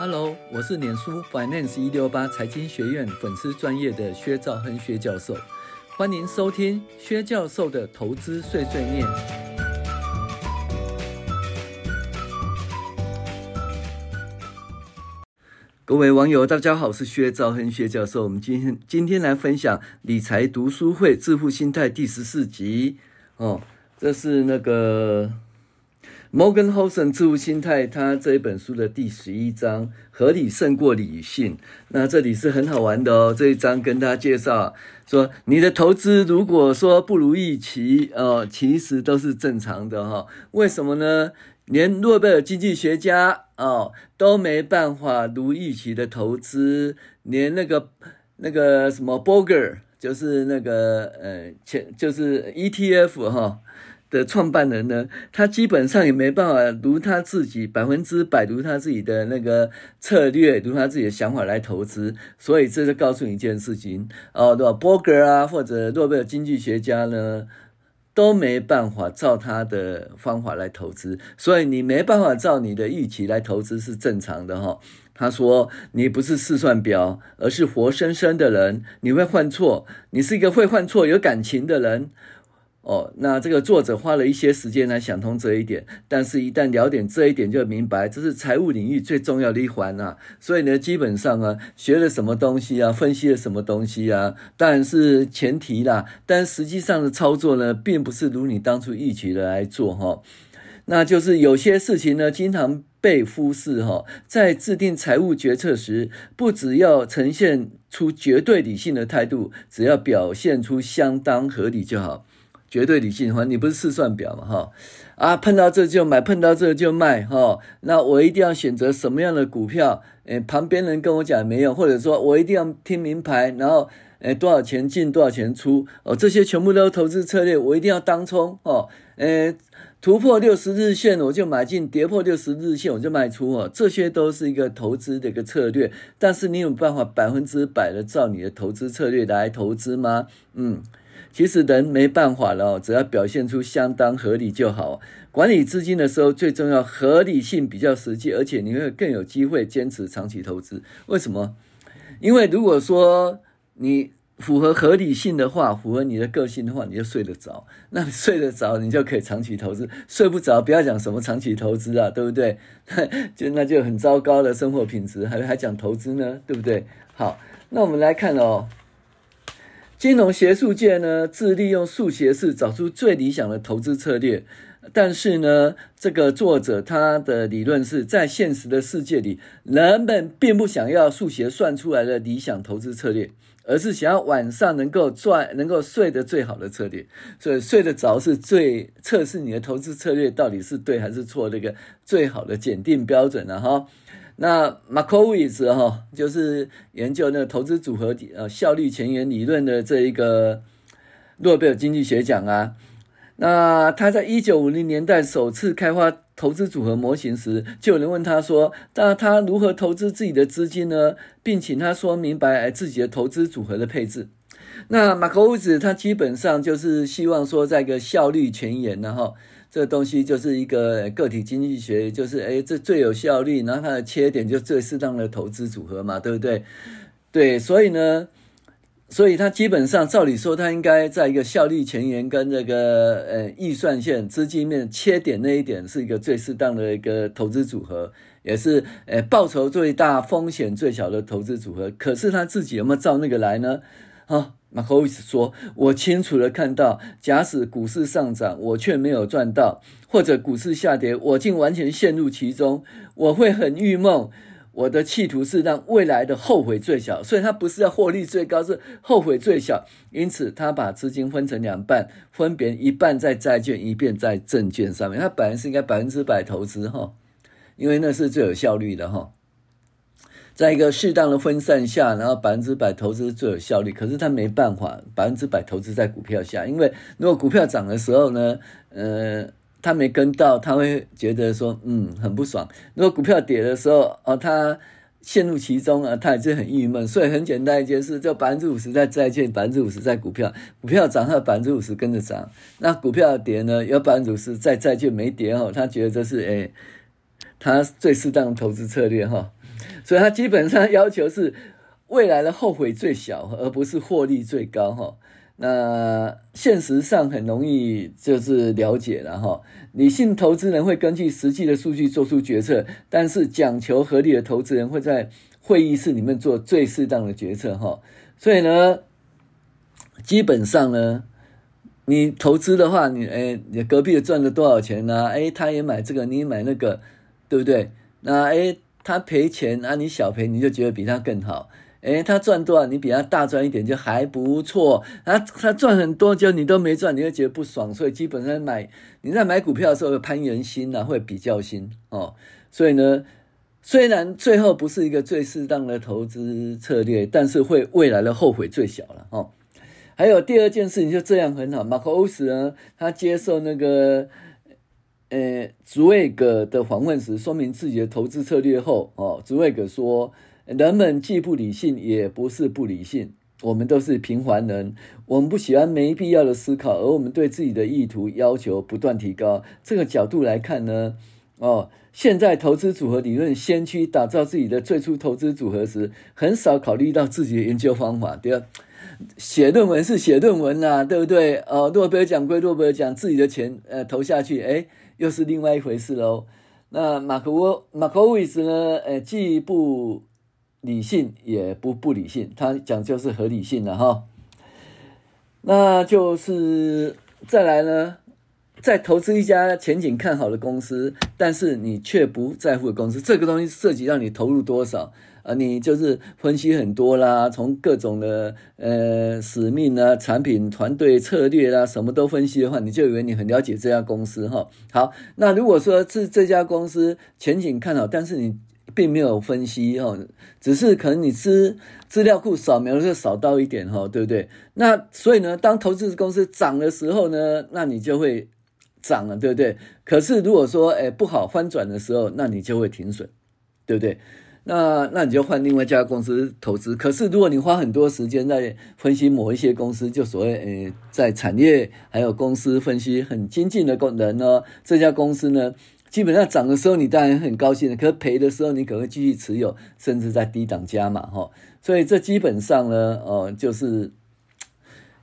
Hello，我是臉書 Finance 一六八財經學院粉絲專業的薛兆亨薛教授，歡迎收聽薛教授的投資碎碎念。各位網友，大家好，我是薛兆亨薛教授。我們今天今天來分享理財讀書會致富心態第十四集。哦，這是那個。Morgan Housel 致富心態，他這一本書的第十一章，合理勝過理性。那這裡是很好玩的哦，這一章跟大家介紹說，你的投資如果說不如預期，哦，其實都是正常的哈、哦。為什麼呢？連諾貝爾經濟學家哦都沒辦法如預期的投資，連那個那個什麼 Bogle 就是那個呃，前就是 ETF 哈、哦。的創辦人呢，他基本上也沒辦法如他自己百分之百如他自己的那個策略，如他自己的想法來投資，所以這就告訴你一件事情哦，對吧？波格啊，或者諾貝爾經濟學家呢，都沒辦法照他的方法來投資，所以你沒辦法照你的預期來投資是正常的哈、哦。他說你不是試算表，而是活生生的人，你會犯錯，你是一個會犯錯有感情的人。哦，那這個作者花了一些時間來想通這一點，但是，一旦了解這一點，就明白這是財務領域最重要的一環吶、啊。所以呢，基本上啊，學了什麼東西啊，分析了什麼東西啊。當然是前提啦。但實際上的操作呢，並不是如你當初預期的來做哈。那就是有些事情呢，經常被忽視哈。在制定財務決策時，不只要呈現出絕對理性的態度，只要表現出相當合理就好。絕對理性哈，你不是試算表嘛？哈，啊，碰到這就買，碰到這就賣，哈、哦。那我一定要選擇什麼樣的股票？誒、欸，旁邊人跟我講沒用，或者說我一定要聽明牌，然後誒、欸，多少錢進，多少錢出，哦，這些全部都是投資策略，我一定要當沖，哦，誒、欸，突破六十日線我就買進，跌破六十日線我就賣出，哦，這些都是一個投資的一個策略。但是你有辦法百分之百的照你的投資策略來投資嗎？嗯。其實人沒辦法了哦，只要表現出相當合理就好。管理資金的時候，最重要合理性比較實際，而且你會更有機會堅持長期投資。為什麼？因為如果說你符合合理性的話，符合你的個性的話，你就睡得着。那睡得着，你就可以長期投資；睡不着，不要講什麼長期投資啊，對不對？就那就很糟糕的生活品質，還還講投資呢，對不對？好，那我們來看哦。金融學術界呢，致力用數學式找出最理想的投資策略，但是呢，這個作者他的理論是在現實的世界裡，人們並不想要數學算出來的理想投資策略，而是想要晚上能夠賺、能夠睡得最好的策略。所以，睡得着是最測試你的投資策略到底是對還是錯那個最好的檢定標準了、啊、哈。那馬科維茨哈，就是研究那個投資組合呃，效率前沿理論的這一個諾貝爾經濟學獎啊。那他在一九五零年代首次開發投資組合模型時，就有人問他說：“那他如何投資自己的資金呢？”並請他說明白自己的投資組合的配置。那馬科維茨他基本上就是希望說，在一個效率前沿呢，啊。這東西就是一個個體經濟學，就是哎，這最有效率，然後它的切點就是最適當的投資組合嘛，對不對？對，所以呢，所以它基本上照理說，它應該在一個效率前沿跟這個呃預算線資金面切點那一點，是一個最適當的一個投資組合，也是呃報酬最大、風險最小的投資組合。可是他自己有沒有照那個來呢？啊，馬可維茲說：“我清楚地看到，假使股市上漲，我卻沒有賺到；或者股市下跌，我竟完全陷入其中，我會很鬱悶。我的企圖是讓未來的後悔最小，所以他不是要獲利最高，是後悔最小。因此，他把資金分成兩半，分別一半在債券，一半在證券上面。他本來是應該百分之百投資哈，因為那是最有效率的哈。”在一個適當的分散下，然後百分之百投資最有效率。可是他沒辦法百分之百投資在股票下，因為如果股票漲的時候呢，呃，他沒跟到，他會覺得說，嗯，很不爽。如果股票跌的時候，哦，他陷入其中啊，他也是很鬱悶。所以很簡單一件事，就百分之五十在債券，百分之五十在股票。股票漲，他百分之五十跟着漲。那股票跌呢，有百分之五十在債券沒跌哦，他覺得這是哎，他最適當的投資策略哈、哦。所以，他基本上要求是未來的後悔最小，而不是獲利最高，哈。那現實上很容易就是了解了，哈。理性投資人會根據實際的數據做出決策，但是講求合理的投資人會在會議室裡面做最適當的決策，哈。所以呢，基本上呢，你投資的話，你誒、哎，你隔壁賺了多少錢呢？誒，他也買這個，你也買那個，對不對？那誒、哎。他賠錢啊，你小賠你就覺得比他更好，誒，他賺多少，你比他大賺一點就還不錯。他，他賺很多就你都沒賺，你就覺得不爽。所以基本上買，你在買股票的時候有攀緣心吶、啊，會比較心哦。所以呢，雖然最後不是一個最適當的投資策略，但是會未來的後悔最小了哦。還有第二件事情就這樣很好，馬克歐斯呢，他接受那個。呃，主委格的訪問時說明自己的投資策略後，哦，索維格說，人們既不理性，也不是不理性，我們都是平凡人，我們不喜歡沒必要的思考，而我們對自己的意圖要求不斷提高。這個角度來看呢，哦，現在投資組合理論先驅打造自己的最初投資組合時，很少考慮到自己的研究方法。對吧，啊寫論文是寫論文吶、啊，對不對？呃、哦，諾貝爾獎歸諾貝爾獎，自己的錢、呃、投下去，哎、欸，又是另外一回事嘍。那馬可維、馬可維茲呢？呃、欸、既不理性，也不不理性，他講究是合理性了哈。那就是再來呢。在投資一家前景看好的公司，但是你卻不在乎的公司，這個東西涉及到你投入多少啊、呃？你就是分析很多啦，從各種的呃使命啊、產品、團隊、策略啦、啊，什麼都分析的話，你就以為你很了解這家公司哈、哦。好，那如果說是這家公司前景看好，但是你並沒有分析哈、哦，只是可能你資資料庫掃描的時候少到一點哈、哦，對不對？那所以呢，當投資公司漲的時候呢，那你就會。漲了，對不對？可是如果說哎，不好翻轉的時候，那你就會停損，對不對？那那你就換另外一家公司投資。可是如果你花很多時間在分析某一些公司，就所謂哎，在產業還有公司分析很精進的功能呢，這家公司呢，基本上漲的時候你當然很高興，可是賠的時候你可能會繼續持有，甚至在低檔加碼哈、哦。所以這基本上呢，哦就是。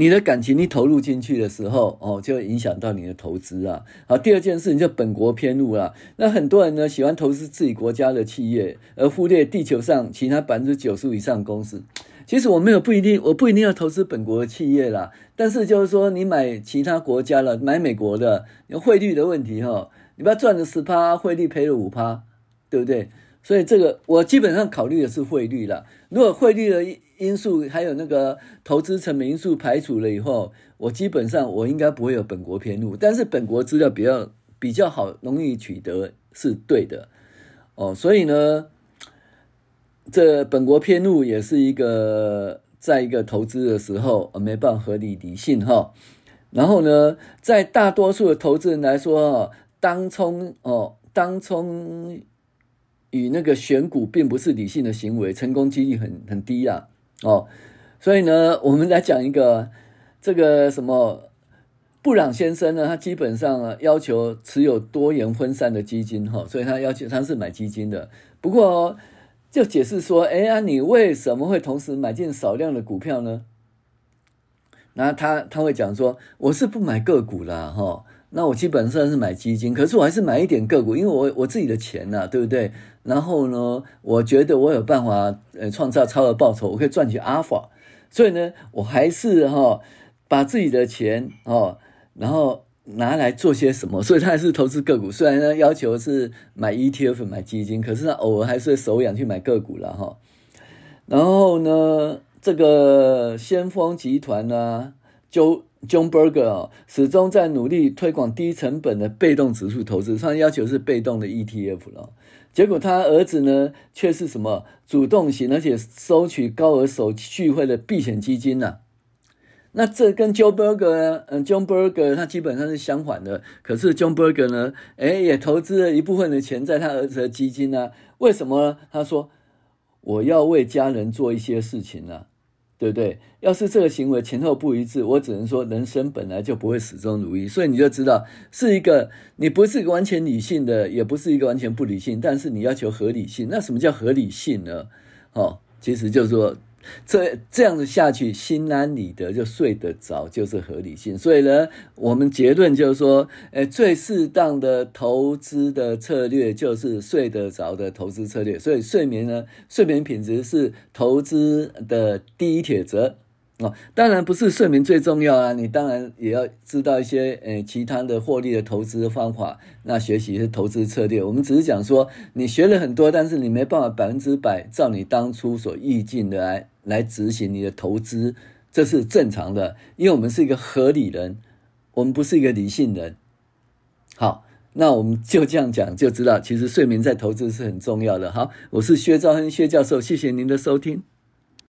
你的感情你投入進去的時候，哦，就會影響到你的投資啊。好，第二件事你就本國偏誤了。那很多人呢喜歡投資自己國家的企業，而忽略地球上其他百分之九十以上的公司。其實我沒有不一定，我不一定要投資本國的企業了。但是就是說，你買其他國家的，買美國的，有匯率的問題哈、哦。你不要賺了十趴，匯率賠了五趴，對不對？所以這個我基本上考慮的是匯率了。如果匯率的因素還有那個投資成本因素排除了以後，我基本上我應該不會有本國偏誤但是本國資料比較比較好，容易取得是對的哦。所以呢，這本國偏誤也是一個，在一個投資的時候呃、哦，沒辦法合理理性哈、哦。然後呢，在大多數的投資人來說，當沖哦，當沖與那個選股并不是理性的行為，成功幾率很很低啊。哦，所以呢，我們來講一個這個什麼布朗先生呢？他基本上要求持有多元分散的基金哈、哦，所以他要求他是買基金的。不過就解釋說，哎呀，啊、你為什麼會同時買進少量的股票呢？然後他他會講說，我是不買個股了哈。哦那我基本上是買基金，可是我還是買一點個股，因為我我自己的錢呐、啊，對不對？然後呢，我覺得我有辦法呃創、欸、造超額報酬，我可以賺取阿爾法，所以呢，我還是哈、哦、把自己的錢哦，然後拿來做些什麼？所以他還是投資個股，雖然呢要求是買 ETF 買基金，可是他偶爾還是會手癢去買個股了哈、哦。然後呢，這個先鋒集團呢、啊？John Berger 啊，John Berger，始終在努力推廣低成本的被動指數投資，他要求是被動的 ETF 了，結果他兒子呢卻是什麼主動型，而且收取高額手續費的避險基金呢、啊？那這跟 John Berger 嗯 John Berger 他基本上是相反的，可是 John Berger 呢誒，也投資了一部分的錢在他兒子的基金呢、啊？為什麼呢？他說我要為家人做一些事情呢、啊？對不對？要是這個行為前後不一致，我只能說人生本來就不會始終如一，所以你就知道是一個你不是完全理性的，也不是一個完全不理性，但是你要求合理性，那什麼叫合理性呢？哦，其實就是說。這這樣子下去，心安理得就睡得着，就是合理性。所以呢，我們結論就是說，誒、哎，最適當的投資的策略就是睡得着的投資策略。所以睡眠呢，睡眠品質是投資的第一鐵則。哦，當然不是睡眠最重要啊，你當然也要知道一些、欸、其他的獲利的投資方法。那學習是投資策略，我們只是講說你學了很多，但是你沒辦法百分之百照你當初所預計的來來執行你的投資，這是正常的，因為我們是一個合理人，我們不是一個理性人。好，那我們就這樣講就知道，其實睡眠在投資是很重要的。好，我是薛兆亨薛教授，謝謝您的收聽。